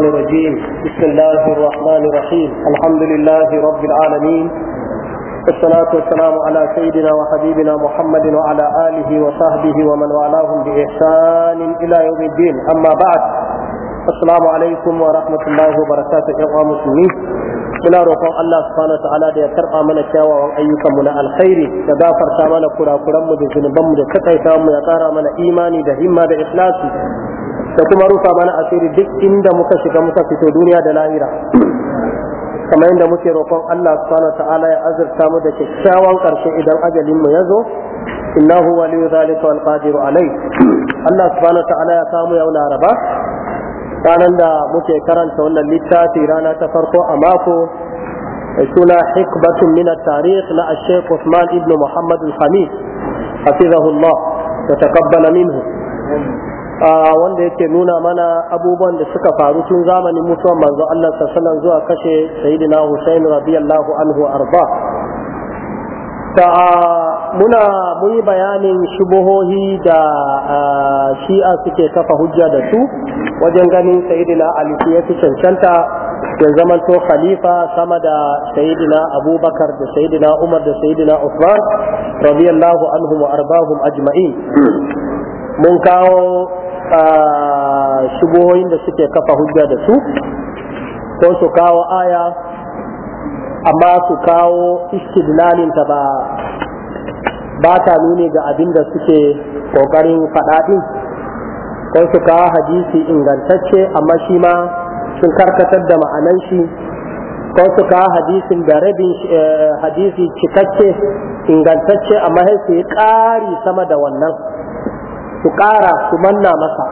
الرجيم بسم الله الرحمن الرحيم الحمد لله رب العالمين والصلاة والسلام على سيدنا وحبيبنا محمد وعلى آله وصحبه ومن والاهم بإحسان إلى يوم الدين أما بعد السلام عليكم ورحمة الله وبركاته يا مسلمين muna roƙon Allah subhanahu ta'ala da ya karɓa mana kyawawan ayyukanmu na alkhairi da gafarta mana kurakuranmu da zunubanmu da takaita mu ya ƙara mana imani da himma da ikhlasi da kuma rufa mana asiri duk inda muka shiga muka fito duniya da lahira kamar yadda muke roƙon Allah subhanahu wa ta'ala ya azurta mu da kyakkyawan karshe idan ajalin mu ya zo innahu waliyu zalika wal qadiru alai Allah subhanahu wa ta'ala ya samu yau laraba ranar da muke karanta wannan littafi rana ta farko a mako suna hikmatun min at-tarikh na Sheikh Uthman ibn Muhammad al-Hamid hafizahullah wa taqabbala minhu wanda yake nuna mana abubuwan da suka faru tun zamanin mutuwan manzo Allah sallallahu zuwa kashe sayyidina Hussein radiyallahu anhu arba ta muna muyi bayanin shubuhohi da shi'a suke kafa hujja da su wajen ganin sayyidina Ali ya fi cancanta ya zamanto khalifa sama da sayyidina Abubakar da sayyidina Umar da sayyidina Uthman radiyallahu anhum wa arbahum ajma'in mun kawo shubohoyin da suke kafa hujja da su ko su kawo aya amma su kawo istidlalin ta ba ba ta nuni ga abin da suke kokarin faɗaɗin ko su kawo hadisi ingantacce amma shi ma sun karkatar da ma'anan shi ko su kawo hadisin da rabin eh, hadisi cikakke ingantacce amma sai su yi ƙari sama da wannan su ƙara su manna masa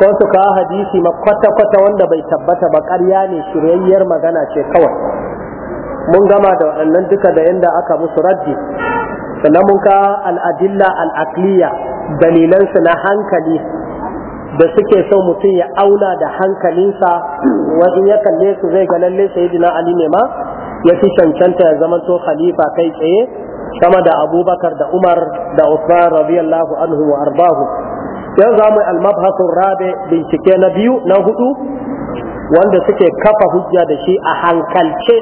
ko su kawo hadisi ma kwata-kwata wanda bai tabbata ba ƙarya ne shiryayyar magana ce kawai mun gama da waɗannan duka da yadda aka musu raddi sannan mun kawo al'adilla al'akliya dalilansu na hankali da suke so mutum ya auna da hankalinsa wani ya kalle su zai ga lalle sayidina ali ne ma ya fi cancanta ya zama to khalifa kai tsaye sama da abubakar da umar da usman radiyallahu anhu wa arbahu yanzu za mu almabhasun rabe bincike na biyu na hudu wanda suke kafa hujja da shi a hankalce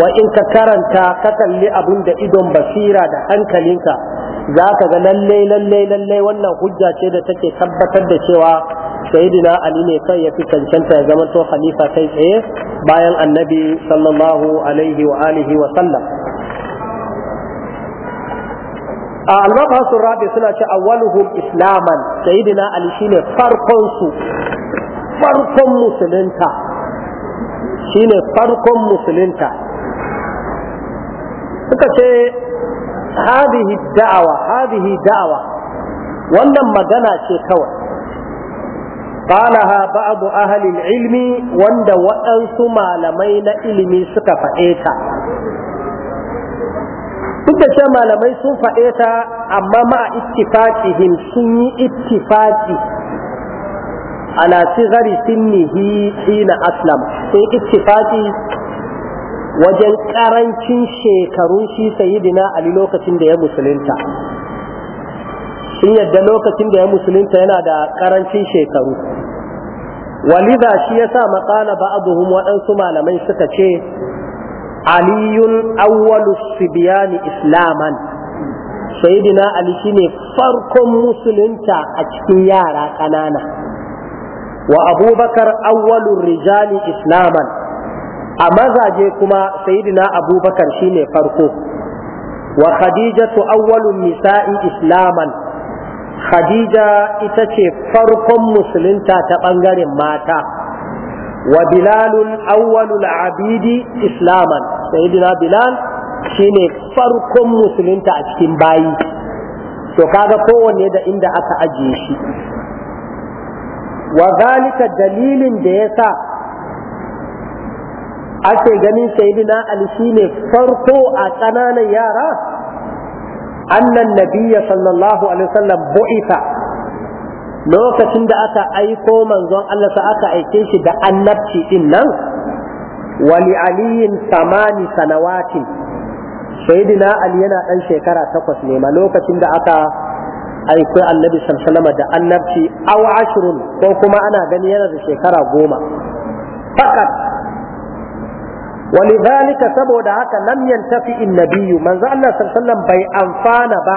wa in ka karanta ka kalli abin da idon basira da hankalinka za ka ga lalle lalle lalle wannan hujja ce da take tabbatar da cewa sayyidina ali ne kai ya fi cancanta ya zama to khalifa kai tsaye bayan annabi sallallahu alaihi wa alihi wa sallam a almabasun rabi suna ce awwaluhum islaman sayyidina ali shine farkon su farkon musulunta shine farkon musulunta suka ce hadihi da'awa hadihi da'awa wannan magana ce kawai قالها wanda waɗansu malamai na ilimi suka faɗe سكفئتا duk ce malamai sun faɗe ta amma ma a ittifaqihim sun yi ittifaki ala sigari sinnihi na aslam sun ittifaki wajen karancin shekarun shi sayidina ali lokacin da ya musulunta sun yadda lokacin da ya musulunta yana da karancin shekaru Waliza shi ya yasa maqala ba'dhum waɗansu malamai suka ce aliyun awwalu sibiyani islaman sayyidina ali shine farkon musulunta a cikin yara ƙanana wa abubakar awwalur rijali islaman a mazaje kuma sayyidina abubakar shine farko wa khadijatu awwalun nisa'i islaman khadija ita ce farkon musulunta ta ɓangaren mata وبلال أول العبيد إسلاما سيدنا بلال shine farkon musulunta a cikin bayi to kaga kowanne da inda aka ajiye shi wa dalilin da ya sa ake ganin sayyidina ali shine farko a ƙananan yara annan nabiyya sallallahu alaihi wasallam lokacin da aka aiko manzon Allah sa aka aike shi da annabci din nan wali aliyin samani sanawatin sayyidina ali yana dan shekara takwas ne ma lokacin da aka aiko annabi sallallahu da annabci aw ashrun ko kuma ana gani yana da shekara goma fakat ولذلك saboda haka lam yantafi النبي manzo Allah sallallahu alaihi wasallam bai amfana ba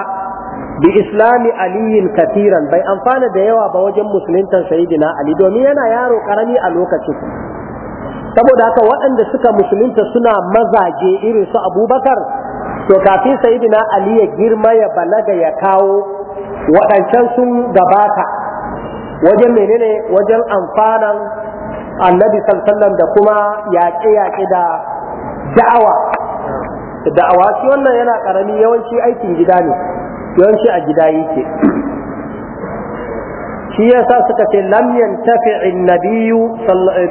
bi islami aliyin katiran bai amfana da yawa ba wajen musulunta sayidina ali domin yana yaro karami a lokacin saboda haka waɗanda suka musulunta suna mazaje irin su abubakar to kafin sayidina ali ya girma ya balaga ya kawo waɗancan sun gabata wajen menene wajen amfanan annabi sallallahu da kuma yaƙe-yaƙe da da'awa da'awa shi wannan yana ƙarami yawanci aikin gida ne yawanci a gida yake shi yasa suka ce lam yantafi biyu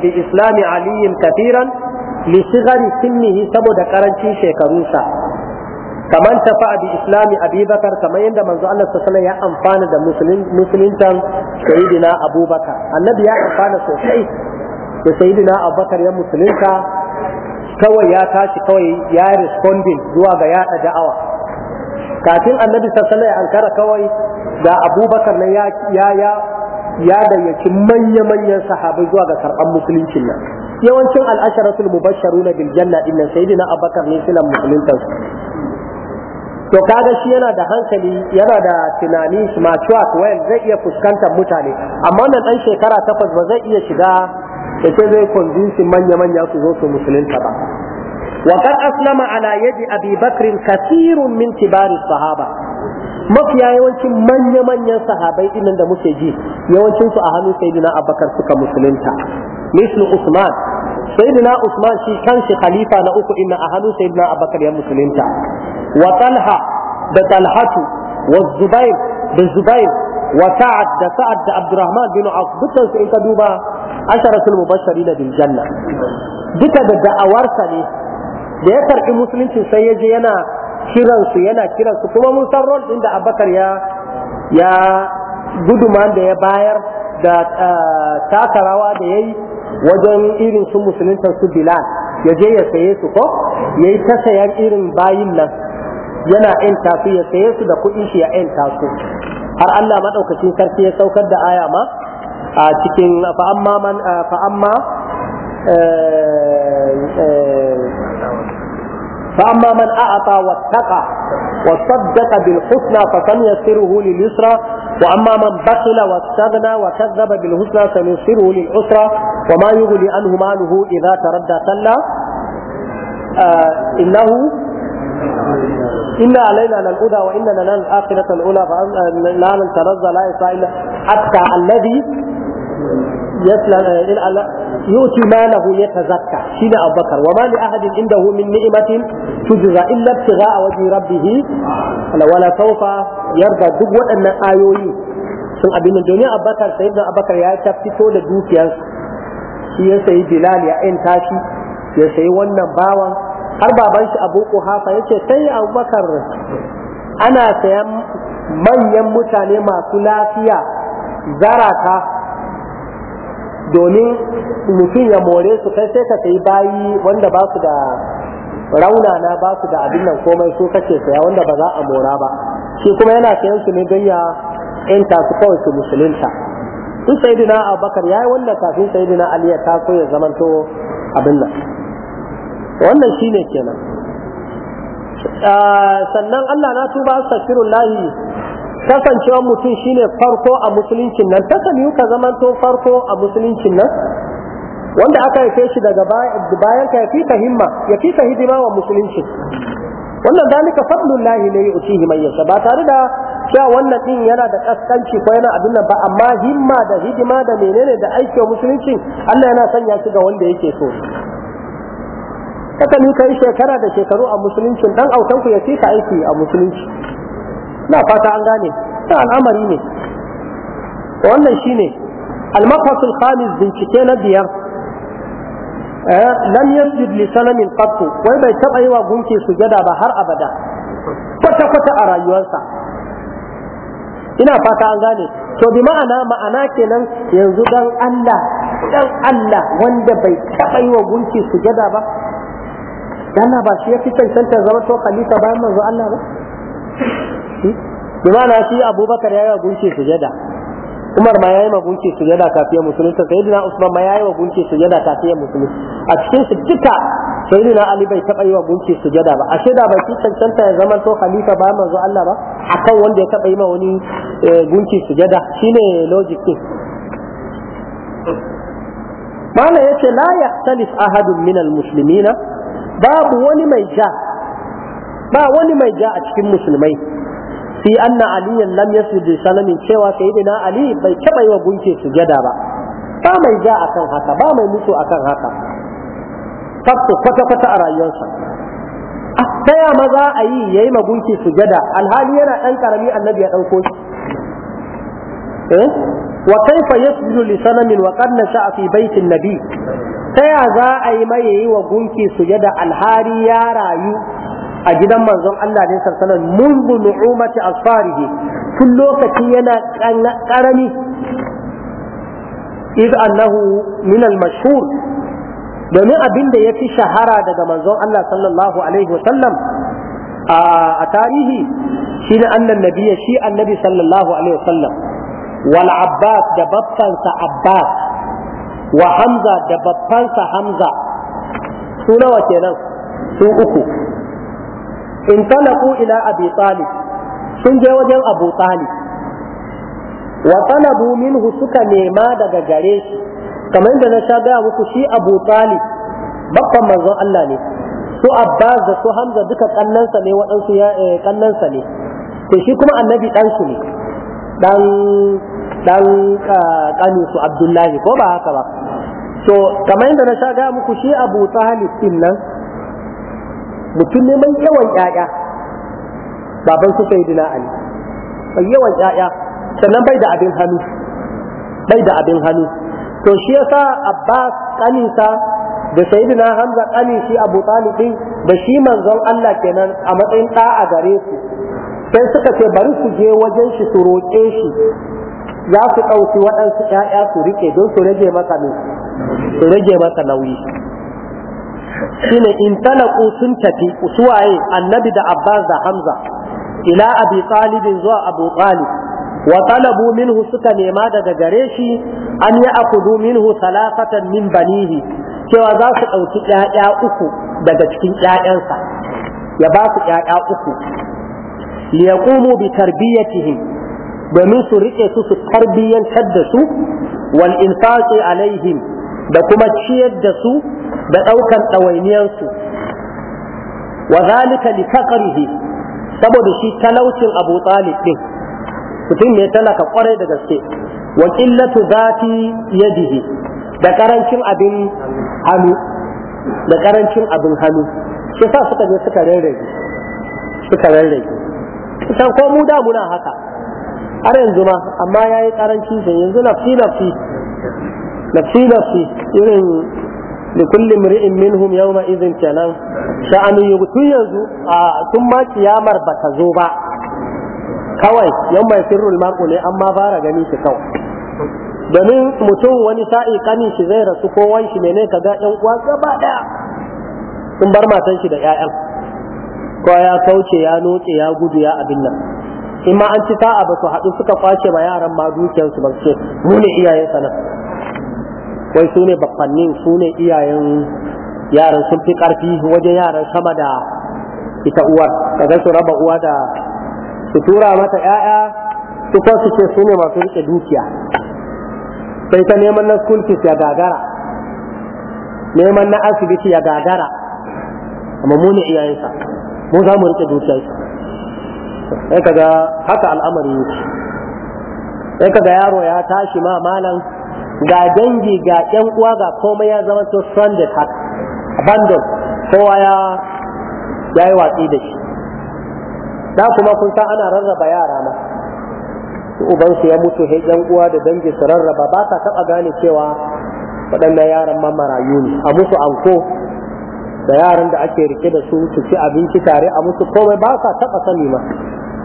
bi islami aliyin kafiran li sigari sinnihi saboda karancin shekarunsa kaman tafa bi islami abubakar kamar yadda manzo Allah ya amfana da musuluntan sayyidina abubakar annabi ya amfana sosai da sayyidina abubakar ya musulunta kawai ya tashi kawai ya responding zuwa ga yada da'awa kafin annabi sallallahu alaihi ankara kawai da abubakar na ya ya ya gayyaci manya-manyan sahabai zuwa ga karɓar musuluncin nan yawancin al'asharatul mubashsharuna bil janna din nan sayyidina abubakar ne suna musuluntan su to kaga shi yana da hankali yana da tunani smart well zai iya fuskantar mutane amma wannan dan shekara takwas ba zai iya shiga da ce zai convince manya-manya su zo su musulunta ba وقد أسلم على يد أبي بكر كثير من كبار الصحابة mafiya yawancin manya-manyan sahabai dinnan da muke ji yawancin a hannun sayyidina abubakar suka musulunta mislu usman sayyidina usman shi kanshi khalifa na uku inna a hannun sayyidina abubakar ya musulunta wa talha da talhatu wa zubair da zubair wa sa'ad da sa'ad da abdurrahman bin auf in ka duba asharatul mubashirin bil janna duka da da'awarsa ne da ya karɓi musulunci sai ya je yana kiransu yana kiransu kuma mun san rol din da abakar ya ya guduman da ya bayar da eh, taka rawa da yayi wajen irin su musulunta su bilal ya je ya saye su ko ya yi ta sayan irin bayin nan yana ‘yanta tafi ya saye su da kuɗin shi ya ‘yanta tafi har Allah maɗaukacin sarki ya saukar da aya ma a cikin fa'amma فأما من أعطى واتقى وصدق بالحسنى فسنيسره لليسرى وأما من بخل واستغنى وكذب بالحسنى سنيسره للعسرى وما يغني عنه ماله إذا تردى كلا آه إنه إنا علينا للأولى وإنا لنا الآخرة الأولى لا نتنزل لا يسعى إلا حتى الذي yuti malahu yatazakka shine abubakar wa ma li ahadin indahu min ni'matin tujza illa ibtigha'a wajhi rabbih wala sawfa yarda duk waɗannan ayoyi sun abin nan domin abubakar abubakar ya ta fito da dukiyar shi ya sayi bilal ya in tashi ya sayi wannan bawan har baban shi abu kuhafa yace sai abubakar ana sayan manyan mutane masu lafiya zaraka. domin mutum ya more su kai sai ka sai bayi wanda ba su da raunana ba su da abin nan komai su kake saya wanda ba za a mora ba shi kuma yana sayan su ne don ya su kawai su musulunta su sayidina abubakar ya yi wannan kafin sayidina ali ya taso ya zamanto abin nan wannan shine kenan ah, sannan Allah na tuba lahi kasancewar mutum shine farko a musuluncin nan ta samiyu ka to farko a musuluncin nan wanda aka haife shi daga bayan ka yafi ka himma fi ka hidima wa musulunci wannan dalika fadlullahi ne yu'tihi man yasha ba tare da cewa wannan din yana da kaskanci ko yana abin nan ba amma himma da hidima da menene da aiki wa musulunci Allah yana sanya shi ga wanda yake so haka ni kai shekara da shekaru a musuluncin dan autanku ya fi ka aiki a musulunci na fata an gane na al'amari ne wannan shine al-maqasul khamis bincike na biyar eh, lam yasjud li sanamin qattu wai bai taba yi wa gunki sujada ba har abada kwata kwata a rayuwarsa ina fata an gane to bi ma'ana ma'ana kenan yanzu dan Allah dan Allah wanda bai taba yi wa gunki sujada ba Allah ba shi ya fi cancanta zama to khalifa bayan manzo Allah ba shi bi ma'ana shi abubakar ya yi wa gunki sujada umar ma ya yi wa gunki sujada kafin musulunta sayyidina usman ma ya yi wa gunki sujada kafin musulunta a cikin su duka sayyidina ali bai taba yi wa gunki sujada ba ashe da baki cancanta ya zama to khalifa ba manzo Allah ba akan wanda ya taba yi ma wani eh, gunki sujada shine logic din mana yace la yahtalif ahadun min almuslimina babu wani mai ja ba wani mai ja a cikin musulmai fi anna aliyan lam yasjud sanamin cewa sayyidina ali bai taba yi wa gunke sujada ba ba mai ja akan haka ba mai mutu akan haka kafto kwata kwata a rayuwarsa ta ya maza a yi yayi ma gunke sujada alhali yana dan karami annabi ya dauko shi eh wa kaifa yasjudu li sanamin wa qad nasha'a fi baitin nabi Taya za a yi mai yayi wa gunki sujada Alhari ya rayu a gidan manzon Allah ne sarsalan mundu nu'umati asfarihi tun lokaci yana karami iz annahu min al-mashhur domin abin da ya fi shahara daga manzon Allah sallallahu alaihi wa sallam a tarihi shi ne annan nabiya shi annabi sallallahu alaihi wa sallam wal Abbas da babbansa Abbas wa Hamza da babbansa Hamza su nawa kenan su uku in talaku ila abi talib sun je wajen abu talib wa talabu minhu suka nema daga gare shi kamar yadda na sha gaya muku shi abu talib bakon manzon Allah ne su abbas da su hamza duka kannansa ne waɗansu kannansa ne to shi kuma annabi ɗansu ne ɗan ɗan su abdullahi ko ba haka ba to kamar yadda na sha gaya muku shi abu talib din nan mutum ne mai yawan ƴaƴa baban su sai dina ali mai yawan ƴaƴa sannan bai da abin hannu bai da abin hannu to shi yasa abbas kanisa da sayyidina hamza kani shi abu da shi manzon Allah kenan a matsayin ɗa a gare su sai suka ce bari su je wajen shi su roƙe shi za su ɗauki waɗansu ƴaƴa su riƙe don su su rage masa nauyi shine in talaku sun tafi suwaye annabi da abbas da hamza ila abi talibin zuwa abu talib wa talabu minhu suka nema daga gare shi an yi akudu minhu talakatan min banihi cewa za su ɗauki ƴaƴa uku daga cikin ƴaƴansa ya ba su ƴaƴa uku liyaqumu bi tarbiyatihim domin su rike su su tarbiyyantar da su wal infaqi alaihim da kuma ciyar da su da ɗaukan ɗawainiyarsu wa zalika li faqrihi saboda shi talaucin Abu Talib din mutum ne talaka kwarai da gaske wa qillatu zati yadihi da karancin abin hannu da karancin abin hannu shi sa suka je suka rarrage suka rarrage san ko mu da muna haka har yanzu ma amma yayi karancin sai yanzu na fi na fi. nafsi nafsi irin da kullum ri'in minhum yawma idhin kenan sha'anu yutu yanzu sun ma kiyamar bata zo ba kawai yawma sirrul mar'u ne amma fara gani shi kawai domin mutum wani sa'i kanin shi zai rasu ko wan shi ka ga 'yan uwa gaba daya sun bar matan shi da ƴaƴan ko ya kauce ya noke ya gudu ya abin nan in ma an ci sa'a ba su haɗu suka kwace ma yaran ma dukiyarsu ba su ce mu ne iyayen sanan wai su ne bakwannin su ne iyayen yaran sun fi karfi wajen yaran sama da ita uwar kaga su raba uwa da su tura mata 'ya'ya su kan su ce su ne masu rike dukiya sai ta neman na school fees ya gagara neman na asibiti ya gagara amma mu ne iyayensa mu za mu rike dukiyarsa sai kaga haka al'amari yake sai kaga yaro ya tashi ma malam ga dangi ga yan uwa ga komai ya zama to stranded hat abandon kowa ya yi watsi da shi da kuma kun san ana rarraba yara ma ubansu ya mutu he yan uwa da dangi su rarraba ba ta taba gane cewa waɗannan yaran ma marayu ne a musu anko da yaran da ake rike da su su ci abinci tare a musu komai ba sa taba sani ma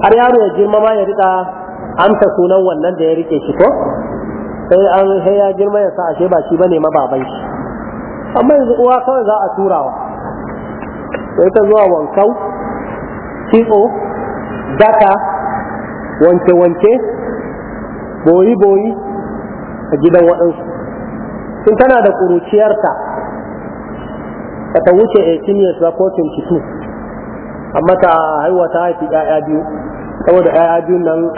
har yaro ya girma ma ya rika amsa sunan wannan da ya rike shi ko sai an sai ya girma ya sa ashe ba shi bane mababan shi amma yanzu uwa kawai za a turawa sai ta zuwa wankau kitso daka wanke-wanke boyi-boyi a gidan waɗansu sun tana da ƙuruciyarta ta ta wuce 18 years ba ko 22 amma ta haihuwa ta haifi 'ya'ya biyu saboda 'ya'ya biyu nan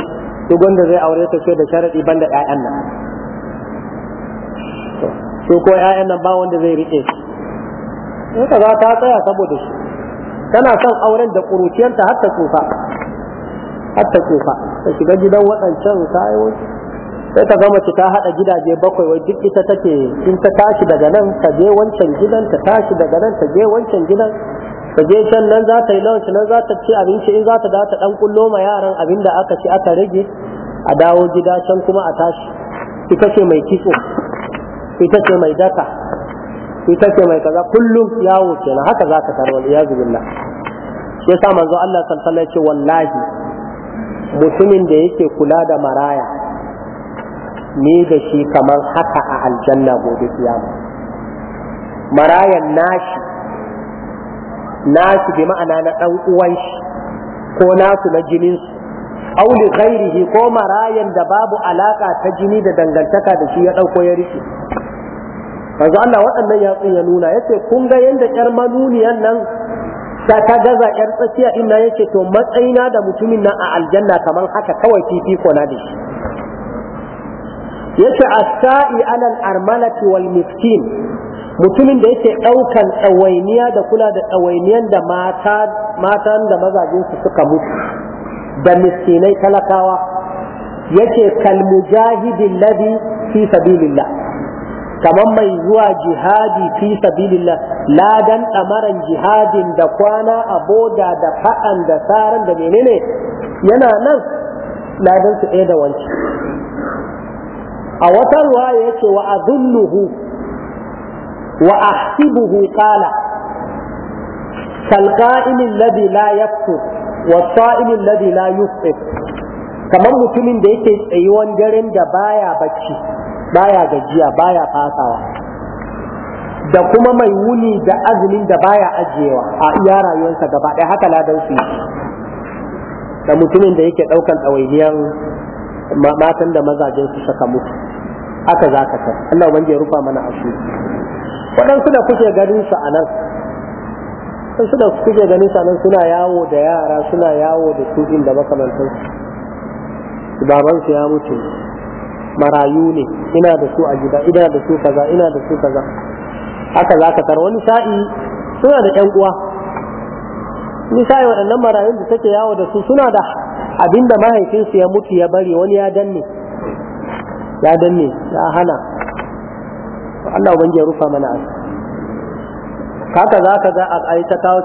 duk wanda zai aure ta ce da sharaɗi da 'ya'yan nan su ko ƴaƴan nan ba wanda zai rike shi in ka za ta tsaya saboda shi tana son auren da ƙuruciyarta har ta tsufa har ta tsufa ta shiga gidan waɗancan kayo sai ta gama ta haɗa gidaje bakwai wai duk ita take in ta tashi daga nan ta je wancan gidan ta tashi daga nan ta je wancan gidan ta je can nan za ta yi launci nan za ta ci abinci in za ta da ta ɗan kullo ma yaran abin da aka ci aka rage a dawo gida can kuma a tashi ita ce mai kitso ita ce mai daka ita ce mai kaza kullum yawo na haka za ka tarwa ya na shi sa manzo Allah sallallahu alaihi wallahi mutumin da yake kula da maraya ni da shi kamar haka a aljanna gobe kiyama marayan nashi nashi bi ma'ana na dan uwan shi ko nasu na jinin su aw li ghairihi ko marayan da babu alaka ta jini da dangantaka da shi ya dauko ya rike manzo Allah waɗannan yatsun ya nuna yace kun ga yadda ƴar manuniyan nan ta ta gaza ƴar tsakiya din nan yace to matsayina da mutumin nan a aljanna kaman haka kawai fifiko na da shi yace as-sa'i 'ala al-armalati wal miskin mutumin da yake ɗaukan tsawainiya da kula da tsawainiyan da mata matan da mazajensu suka mutu da miskinai talakawa yake kalmujahidin ladhi fi sabilillah kamar mai zuwa jihadi fi sabilillah ladan ɗamaran jihadin da kwana a boda da fa'an da saran da menene yana nan ladan su ɗaya da wanci a wata ruwaya yace wa azunnuhu wa ahsibuhu qala كالقائم الذي لا يفطر والصائم الذي لا يفطر kamar mutumin da yake tsayuwan daren da baya bacci baya gajiya baya fasawa da kuma mai wuni da azumin da baya ajiyewa a iya rayuwarsa gaba ɗaya haka ladan su da mutumin da yake ɗaukan ɗawainiyar matan da mazajen su saka mutu haka za ka tafi Allah wanda ya rufa mana asu waɗansu da kuke ganin su a nan waɗansu da kuke ganin su a nan suna yawo da yara suna yawo da su da makamantansu babansu ya mutu marayu ne ina da su a gida ina da su kaza ina da su kaza haka za ka tara wani sa'i suna da ƴan uwa wani sa'i waɗannan marayun da take yawo da su suna da abinda mahaifinsu ya mutu ya bari wani ya danne ya danne ya hana Allah ubangiji ya rufa mana asu haka za ka ga a ta kawo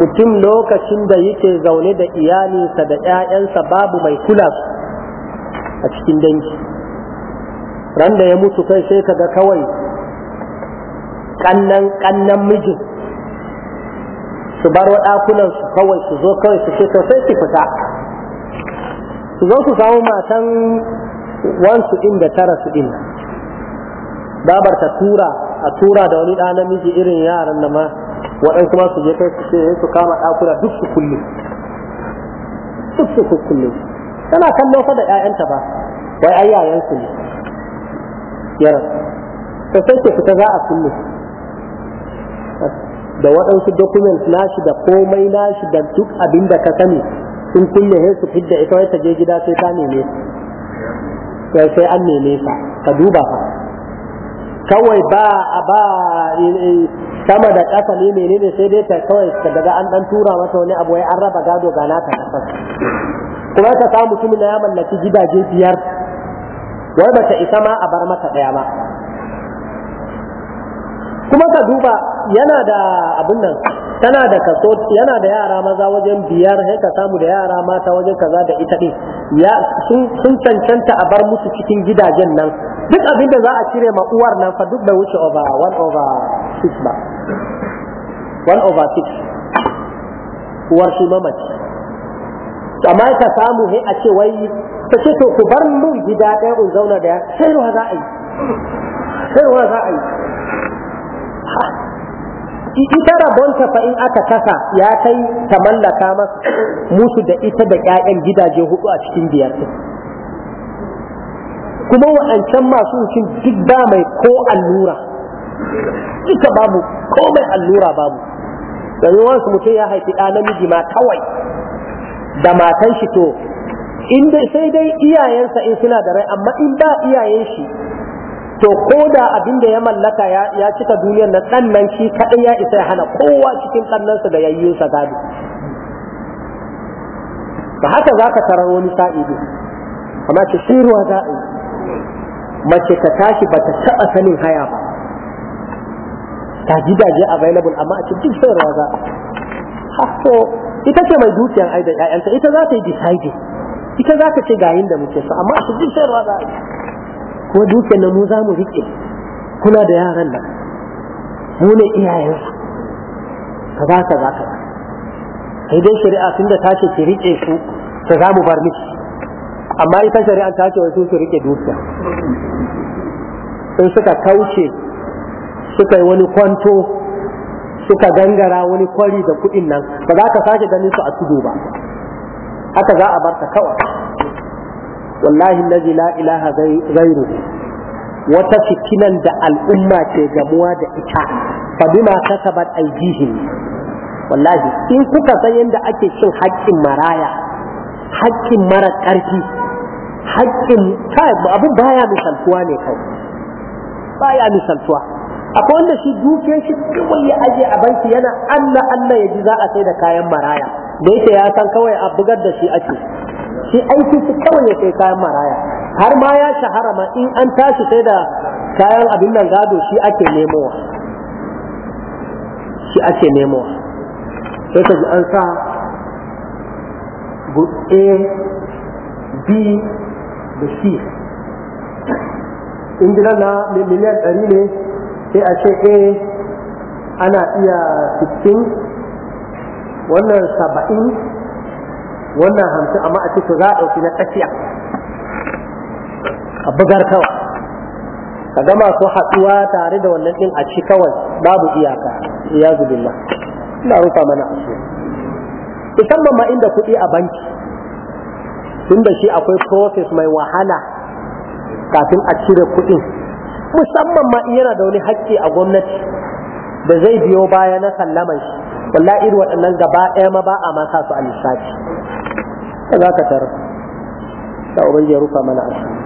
mutum lokacin da yake zaune da iyalinsa da ‘ya'yansa babu mai kula su a cikin dangi ran da ya mutu kai sai kaga kawai kannan kannan mijin su bar ɗakunan su kawai su zo kawai su ce sai su fita su zo su samu matan wansu ɗin da tara su ɗin babar ta tura a tura da wani ɗa namiji irin yaran da ma waɗansu kuma su je kai su ce su kama ɗakuna duk su kulle duk su kulle tana kallon fa da ƴaƴanta ba wai ai yayansu ne yara to sai ke fita za a kullu da waɗansu document nashi da komai nashi da duk abin da ka sani sun kulle he su fidda ita wai ta je gida sai ta neme sai sai an neme ka, ka duba fa kawai ba a ba eh, eh, sama da ƙasa ne menene sai dai ta kawai daga an dan tura mata wani abu wai an raba gado ga naka kasar kuma ka samu mutumin ya mallaki gidaje biyar wai bata isa ma a bar masa ɗaya ba kuma ka duba yana da abin nan tana da kaso yana da yara maza wajen biyar sai ka samu da yara mata wajen kaza da ita ɗin ya sun cancanta a bar musu cikin gidajen nan duk abin da za a cire ma uwar nan fa duk bai wuce over one over six ba one over six uwar shi mamaci amma ka samu he a ce wai ta ce to ku bar mun gida ɗaya in zauna da sai ruwa za a yi sai ruwa za a yi ita rabonta fa in aka kasa ya kai ta mallaka masa musu da ita da ƴaƴan gidaje hudu a cikin biyar kuma wa'ancan masu cin duk ba mai ko allura ita babu ko mai allura babu yanzu wasu mutum ya haifi ɗa namiji ma kawai da matan shi to in dai sai dai iyayensa in suna da rai amma in ba iyayen shi to ko da abin da ya mallaka ya cika duniyar na dan nan shi kaɗai ya isa ya hana kowa cikin ɗannansa da yayyinsa gado ba haka za ka tarar wani sa'ido amma ce shiruwa mace ka tashi ba ta taɓa sanin haya ba ta gidaje available amma a cikin sayarwa za'i ita ce mai dukiyar aida da ƴaƴanta ita za ta yi decide ita za ta ce ga da muke so amma su ji sayarwa za a kuma dukiyan nan mu za mu riƙe kuna da yaran nan mu ne su ka za ka za ka sai dai shari'a tun da ta ce ki riƙe su ta za mu bar miki amma ita shari'a ta ce wasu su riƙe dukiya in suka kauce suka yi wani kwanto suka gangara wani kwari da kuɗin nan ba za ka sake ganin su a tudu ba haka za a bar ta kawai wallahi lazi la ilaha gairu wata fitinan da al'umma ke gamuwa da ita fa bima kasabat aijihim wallahi in kuka san yadda ake cin haƙƙin maraya haƙƙin mara ƙarfi haƙƙin abu baya misaltuwa ne kawai baya misaltuwa akwai wanda shi duke shi kawai ya aje a banki yana Allah Allah ya ji za a sai da kayan maraya da yake ya san kawai a bugar da shi ake shi aiki shi kawai ya kai kayan maraya har ma ya shahara ma in an tashi sai da kayan abin nan gado shi ake nemowa shi ake nemowa sai ka ji an sa a b da c in na miliyan ɗari ne sai a ce eh ana iya 60 wannan 70 wannan 50 amma a cikin za a ɗauki na tsakiya a bugar kawa. ka gama su haɗuwa tare da wannan ɗin a ci kawai babu iyaka ya zubilla ina rufa mana shi musamman ma inda kuɗi a banki Tun da shi akwai process mai wahala kafin a cire kuɗin musamman ma yana da wani hakki a gwamnati da zai biyo baya na sallaman shi wallahi irin waɗannan gaba ɗaya ma ba a ma sa su a lissafi za ka tara, da ubangiji ya rufa mana asiri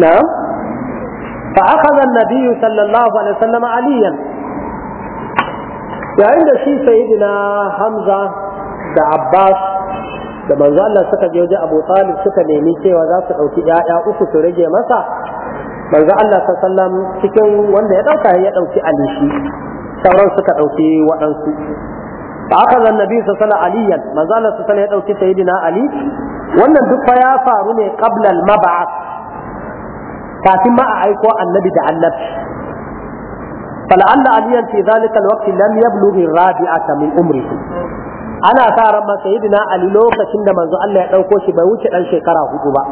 نعم فأخذ النبي صلى Sallallahu عليه وسلم عليا yayin da shi sayidina hamza da abbas da manzo Allah suka je wajen Abu Talib suka nemi cewa za su ɗauki ‘ya'ya uku su rage masa manzo Allah sallam cikin wanda ya ɗauka ya ɗauki Ali shi? sauran suka ɗauki waɗansu fa aka zan nabi sallallahu aliyan manzo Allah sallallahu ya ɗauki sayidina ali wannan duk fa ya faru ne qabla al kafin ma a aiko annabi da annabi فلعل عليا في ذلك الوقت لم يبلغ الرابعة من عمره ana sa ran ma sayyidina ali lokacin da manzo Allah ya dauko shi bai wuce dan shekara hudu ba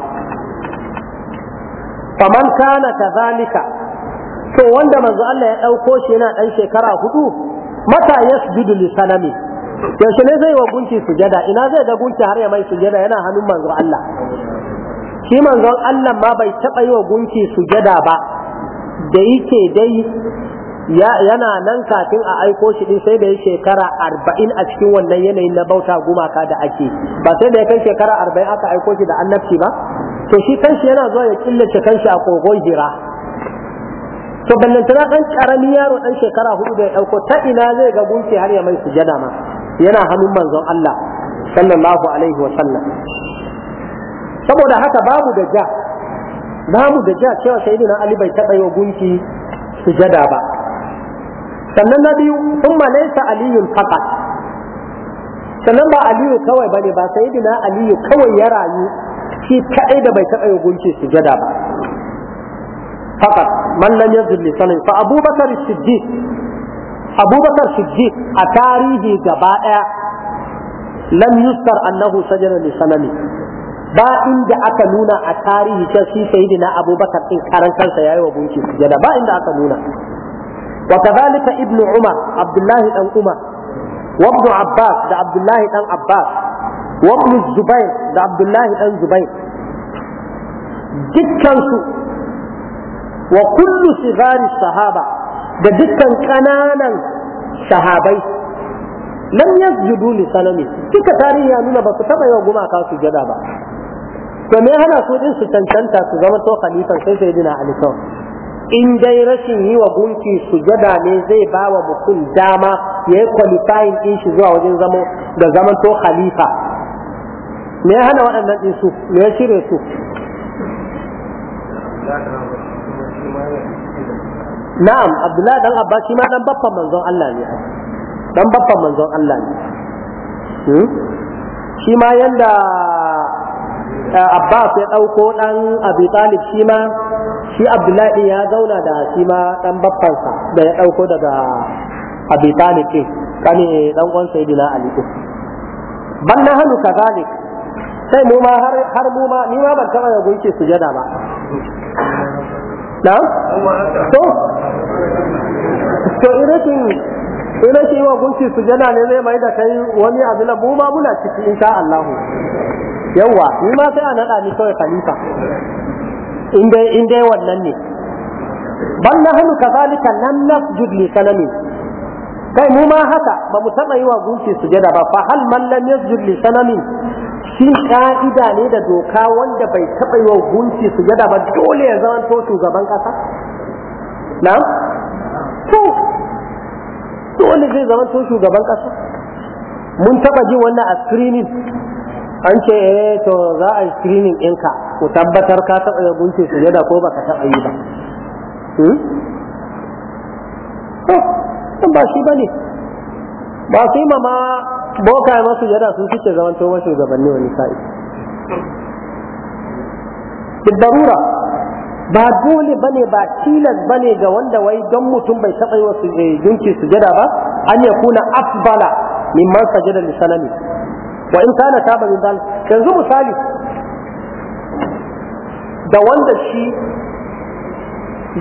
faman kana kadhalika to wanda manzo Allah ya dauko shi yana dan shekara hudu mata yasjudu li sanami yaushe ne zai wa gunki sujada ina zai ga gunki har ya mai sujada yana hannun manzo Allah shi manzon Allah ma bai taba yi wa gunki sujada ba da yake dai yana nan kafin a aiko shi din sai da ya shekara arba'in a cikin wannan yanayin na bauta gumaka da ake ba sai da ya kai shekara arba'in aka aiko shi da annabci ba to shi kanshi yana zuwa ya killace kanshi a kogon jira to ballantana ɗan karami yaro ɗan shekara hudu da ya ɗauko ta ina zai ga gunki har ya mai sujada ma yana hannun manzon Allah sallallahu alaihi wa sallam saboda haka babu da ja babu da ja cewa sayyidina Ali bai taɓa yi wa gunki sujada ba sannan na biyu thumma laysa aliyun faqat sannan ba aliyu kawai bane ba sai dina aliyu kawai ya rayu shi kadai da bai taɓa yi su jada ba faqat man ya zulli sanin, fa abubakar siddiq abubakar siddiq a tarihi gaba daya lam yusar annahu sajada sanani ba inda aka nuna a tarihi sai shi sayyidina abubakar din karan kansa yayi wa gunki jada ba inda aka nuna وكذلك ابن عمر عبد الله بن عمر وابن عباس ده عبد الله بن عباس وابن الزبير ده عبد الله بن زبير دكان وكل صغار الصحابة ده دكان كنانا صحابي لم يسجدوا لسلمي كيف تاريخ يعني بسطبع يوم أكاو سجدا بقى to me hana su din su cancanta su zama to khalifan sai sai dina ali kawai in dai rashin yi wa gunki sujada ne zai ba wa mutum dama ya yi kwalifayin ɗin shi zuwa wajen zama da zaman to khalifa me ya hana waɗannan ɗin su me ya shirya su na'am abdullahi dan Abba shi ma dan baffan manzon Allah ne dan baffan manzon Allah ne hmm? shi ma yanda eh, abbas ya ɗauko ɗan abi talib shi ma shi abdullahi ya zauna da shi ma dan baffansa da ya dauko daga abi talib kane dan uwan sayyidina ali din ban na hanu kazalik sai mu ma har har mu ma ni ma ban taba ga gunki sujada ba na'am to to ina ce wa gunki jana ne zai mai da kai wani abu na mu ma muna ciki insha Allah yawa ni ma sai a nada ni kawai khalifa in dai wannan ne ban bal nahnu kadhalika lam nasjud li sanamin kai mu ma haka ba mu taba yi wa gunki sujada ba fa hal man lam yasjud li sanamin shi ka'ida ne da doka wanda bai taba yi wa gunki sujada ba dole ya zama to gaban kasa nan? to dole zai zama to gaban kasa mun taba ji wannan a screening an ce eh to za a screening ɗinka ku tabbatar ka taɓa ya gunce sujada ko baka taɓa yi ba hmm? to ba shi ba ne. ba su yi ma ma boka ya masu jada sun fice zaman to masu gabanni wani sa'i darura ba dole bane ba tilas bane ga wanda wai don mutum bai taɓa yi wa eh, gunki sujada ba an ya kuna afbala mimman sajada li sanami wa in kana taba min yanzu misali da wanda shi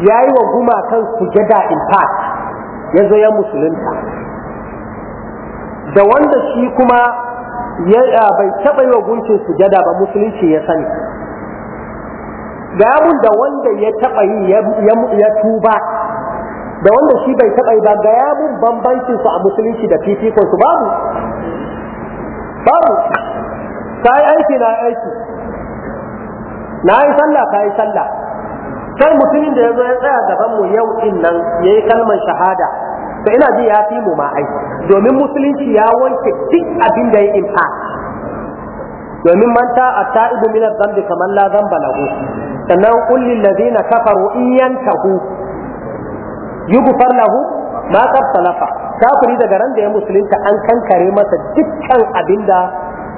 ya yi wa gumakan sujada in fact ya zo ya musulunta da wanda shi kuma ya bai taɓa yi wa gunkin sujada ba musulunci ya sani gamun da wanda ya taɓa yi ya tuba da wanda shi bai taɓa yi ba gayamun bambancin su a musulunci da fifikon su babu babu ta yi aiki na aiki na yi sallah ka yi sallah kan mutumin da ya zo ya tsaya gaban mu yau din nan ya yi kalmar shahada to ina ji ya fi mu ma ai domin musulunci ya wanke duk abin da ya impact domin manta a ta'ibu minar zambi kamar la zamba lahu sannan kullin ladina kafaru in yantahu yugfar lahu ma qad salafa kafiri daga ran da ya musulunta an kankare masa dukkan abin da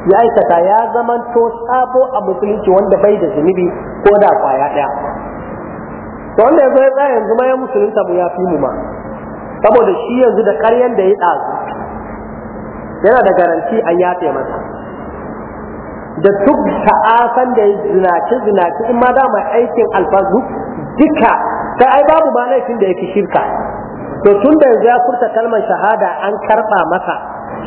ya aikata ya zamanto sabo a musulunci wanda bai da zunubi ko da kwaya ɗaya to wanda ya zo ya tsaya yanzu ma ya musulunta mu ya fi mu ma saboda shi yanzu da karyan da ya ɗazu yana da garanti an yafe masa da duk ta'asan da ya zinaci zinaci in ma dama aikin alfazu duka sai ai babu ma laifin da ya fi shirka to tun da ya furta kalmar shahada an karɓa masa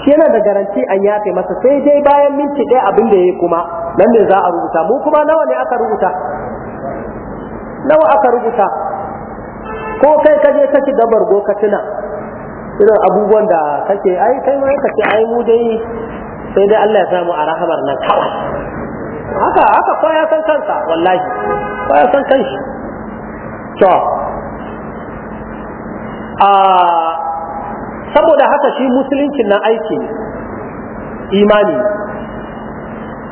shi yana da garanti an yafe masa sai dai bayan minti ɗaya abin da ya yi kuma nan ne za a rubuta mu kuma nawa ne aka rubuta nawa aka rubuta ko kai ka je kake da bargo ka tuna irin abubuwan da kake ai kai ma kace ai mu dai sai dai Allah ya samu a rahamar nan kawai haka haka ko san kansa wallahi ko san kanshi to saboda haka shi musuluncin na aiki imani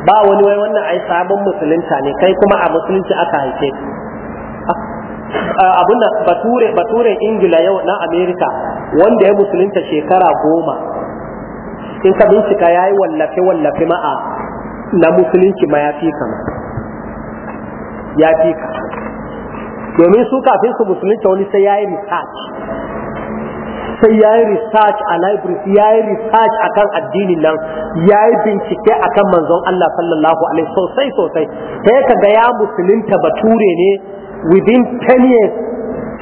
ba wani wai wannan ai sabon musulunta ne kai kuma a musulunci aka haife abun da bature bature ingila yau na america wanda ya musulunta shekara goma in ka bincika ya yi wallafe wallafe ma'a na musulunci ma ya fi kama ya fi ka domin su kafin su musulunta wani sai ya yi research sai ya yi research a library ya yi research a kan addini nan ya yi bincike a akan manzon Allah sallallahu alaihi sosai sosai sai ka ga ya musulunta bature ne within 10 years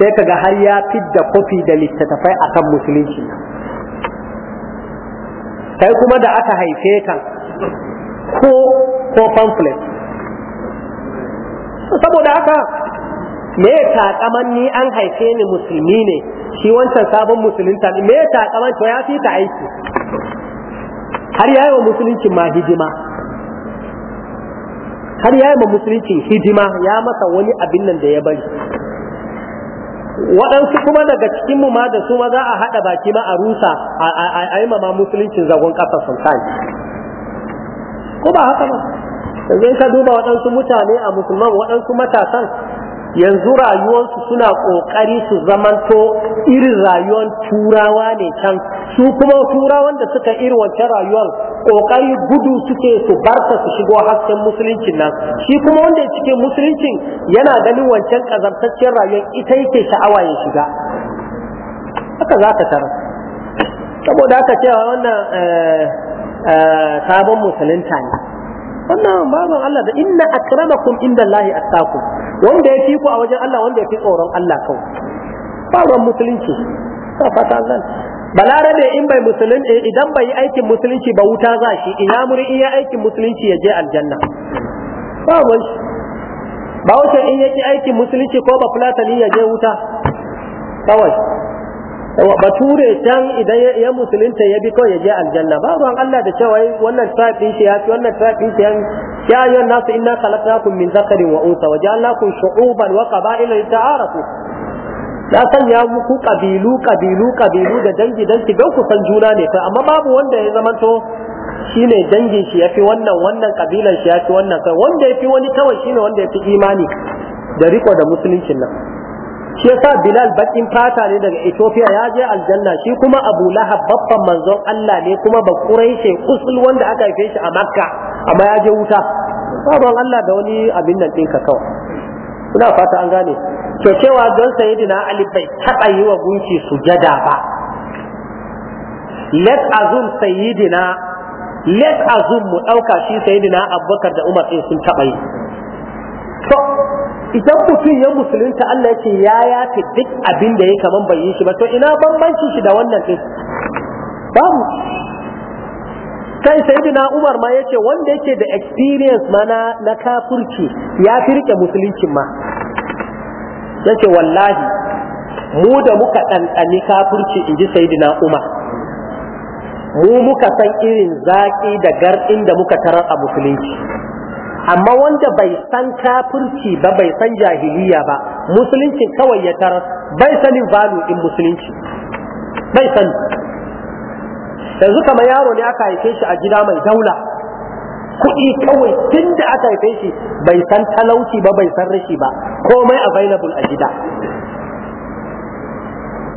sai ka ga har ya da kofi da littattafai a kan musulunci Sai kuma da aka haife ka ko ko pamphlet saboda haka me ta ni an haife ni musulmi ne shi wancan sabon musulunta me ya taƙa to ya fi ta aiki har yayi wa musuluncin ma hijima? har yayi ma musuluncin hijima ya masa wani abin nan da ya bari waɗansu kuma daga cikin mu ma da su ma za a haɗa baki ma a rusa a yi ma musuluncin zagon ƙasa sun ko ba haka ba yanzu ka duba waɗansu mutane a musulman waɗansu matasan yanzu rayuwarsu suna ƙoƙari su zamanto irin rayuwar turawa ne can su kuma turawan da suka iri wancan rayuwar ƙoƙari gudu suke su barta su shigo hasken musuluncin nan shi kuma wanda ya cike musuluncin yana ganin wancan ƙazamtacciyar rayuwar ita yake sha'awa ya shiga haka za ka tara saboda haka cewa wannan eh, eh, sabon musulunta ne wannan baban Allah da inna akramakum indallahi attaku wanda ya fi ku a wajen Allah wanda ya fi tsoron Allah kawai baban musulunci ta fata zan ne in bai musulunci eh, idan bai yi aikin musulunci ba wuta za shi ina muri in ya aikin musulunci ya je aljanna baban shi ba wuce in yi aikin musulunci ko ba fulatani ya je wuta kawai bature can idan ya musulunta ya bi kawai ya je aljanna ba ruwan Allah da cewa wannan tsafi shi ya fi wannan tsafi shi ya ya ayyuhan nasu inna khalaqnakum min dhakarin wa unsa wa shu'uban wa qaba'ila lita'arafu na ya muku kabilu kabilu kabilu da dangi dangi don ku san juna ne kai amma babu wanda ya to shine dangin shi ya fi wannan wannan kabilan shi ya fi wannan kai wanda fi wani kawai shine wanda ya fi imani da riko da musuluncin nan shi yasa bilal bakin fata ne daga ethiopia ya je aljanna shi kuma abu lahab babban manzon allah ne kuma ba shi, kusul wanda aka haife shi a makka amma ya je wuta sabon allah da wani abin nan ka kawai ina fata an gane to cewa don sayyidina ali bai taɓa yi wa gunki sujada ba let azum sayyidina let azum mu ɗauka shi sayyidina abubakar da umar sun taɓa yi to idan mutum ya musulunta Allah ya ya yafi duk abin da ya kaman bai shi ba to ina bambanci shi da wannan din babu kai sayyidina Umar ma yace wanda yake da experience mana na kafurci kafirci ya fi rike musuluncin ma yace wallahi mu da muka ɗanɗani kafirci inji sayyidina Umar mu muka san irin zaki da garɗin da muka tarar a musulunci amma wanda bai san kafirci ba bai san jahiliya ba musulunci kawai ya tarar bai sanin value in musulunci bai sani yanzu kamar yaro ne aka haife shi a gida mai daula kuɗi kawai tun aka haife shi bai san talauci ba bai san rashi ba komai available a gida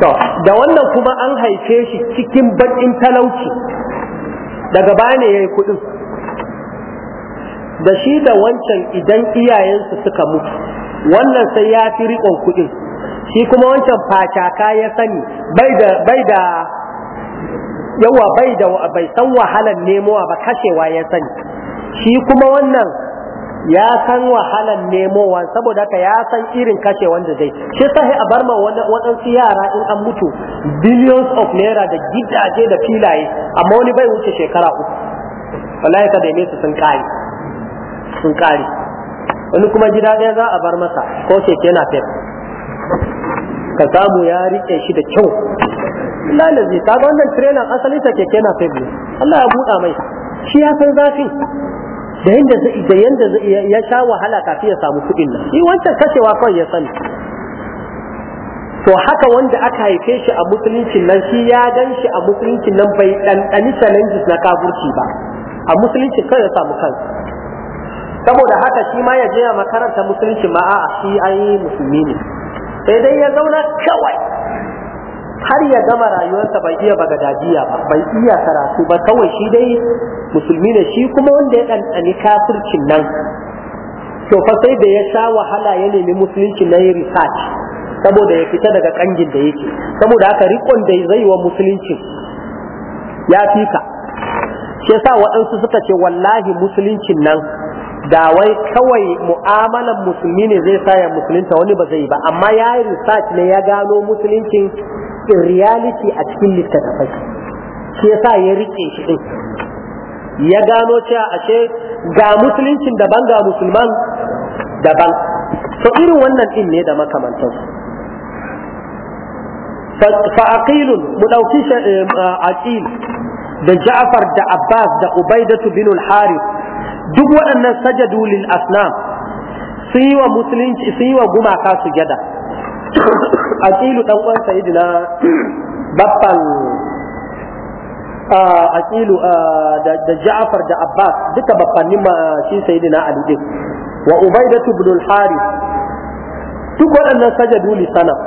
da wannan kuma an haife shi cikin baƙin talauci daga baya ne ya yi kuɗin da shi da wancan idan iyayensu suka mutu wannan sai ya fi riƙon kuɗin shi kuma wancan facaka ya sani bai da yawa bai da bai san wahalan nemowa ba kashewa ya sani shi kuma wannan ya san wahalan nemowa saboda ka ya san irin kashe wanda zai shi sahi a bar ma waɗansu yara in an mutu billions of naira da gidaje da filaye amma wani bai wuce shekara uku wallahi ka daime su sun kare sun kare wani kuma gida ɗaya za a bar masa ko keke na fet ka samu ya riƙe shi da kyau zai ta ga wannan trailer asali ta keke na fet ne Allah ya buɗa mai shi ya san zafi? da yanda da yanda ya sha wahala kafin ya samu kuɗin nan shi wancan kashewa kawai ya sani to haka wanda aka haife shi a musuluncin nan shi ya gan shi a musuluncin nan bai ɗanɗani challenges na kafurci ba a musuluncin kawai ya samu kansa saboda haka shi ma ya je a makaranta musulunci ma a shi ai musulmi ne sai dai ya zauna kawai har ya gama rayuwarsa bai iya dajiya ba bai iya karatu ba kawai shi dai musulmi ne shi kuma wanda ya ɗanɗani kafircin nan to fa sai da ya sha wahala ya nemi musulunci na yi research saboda ya fita daga kangin da yake saboda haka rikon da zai wa musulunci ya fika shi yasa waɗansu suka ce wallahi musulunci nan da wai kawai mu'amalan musulmi ne zai sa ya musulunta wani ba zai ba amma ya yi research ne ya gano musuluncin in reality a cikin littattafai shi sa ya rike shi din ya gano cewa ashe ga musuluncin daban ga musulman daban to irin wannan din ne da makamantansu fa aqilun mu dauki eh, eh, aqil da Ja'far da Abbas da Ubaidatu bin al-Harith duk waɗannan sajadu lil asnam sun yi wa musulunci sun yi wa gumaka gada. aqilu dan uwan sayyidina babban ah, aqilu ah, da ja'far da abbas duka babbanni ma shi sayyidina ali din wa ubaidatu ibn al-harith duk waɗannan sajadu lil sanam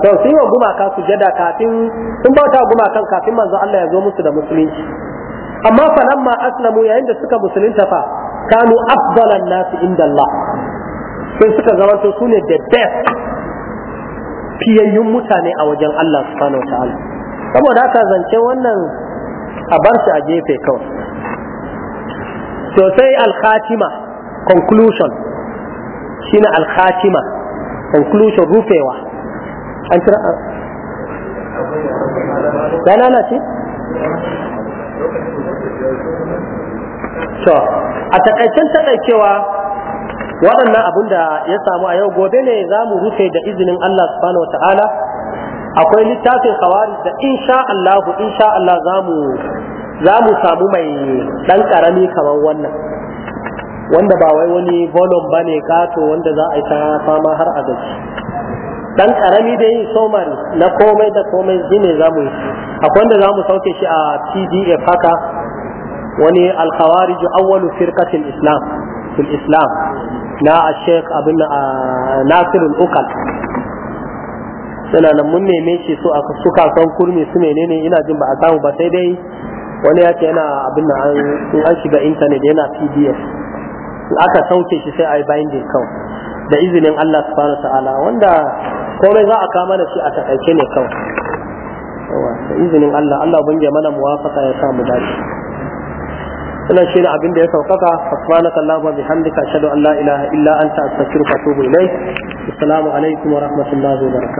sun yi wa gumaka gada kafin sun bauta wa gumakan kafin manzo Allah ya zo musu da musulunci amma falamma aslamu yayin da suka musulunta fa kanu afdalan nasi inda Allah sai suka zama su sune the best fiyayyun mutane a wajen Allah subhanahu wa ta'ala saboda haka zance wannan a bar shi a gefe kawai sosai al-khatima conclusion shine al-khatima conclusion rufewa an tira ya ce? to a takaicen takaicewa waɗannan abun da ya samu a yau gobe ne za mu rufe da izinin Allah subhanahu wa ta'ala akwai littafin kawari da insha Allah insha Allah za mu za mu samu mai ɗan ƙarami kamar wannan wanda ba wai wani volume ba ne kato wanda za a yi ta fama har a gaji ɗan ƙarami dai somari na komai da komai zine za mu yi akwai wanda za mu sauke shi a pdf haka wani alkhawarij awwalu firqatil islam fil islam na sheikh abin nasirul ukal suna mun neme shi su a suka son kurmi su menene ina jin ba a samu ba sai dai wani ya ce yana abin da an shiga intanet yana pdf aka sauke shi sai a yi binding kawai da izinin Allah subhanahu ta'ala wanda komai za a kama da shi a takaice ne kawai da izinin Allah Allah ubangiya mana muwafaka ya samu dace wannan shine abin da ya saukaka subhanaka allahumma bihamdika ashhadu an la ilaha illa anta astaghfiruka wa atubu ilaik assalamu alaikum wa rahmatullahi wa barakatuh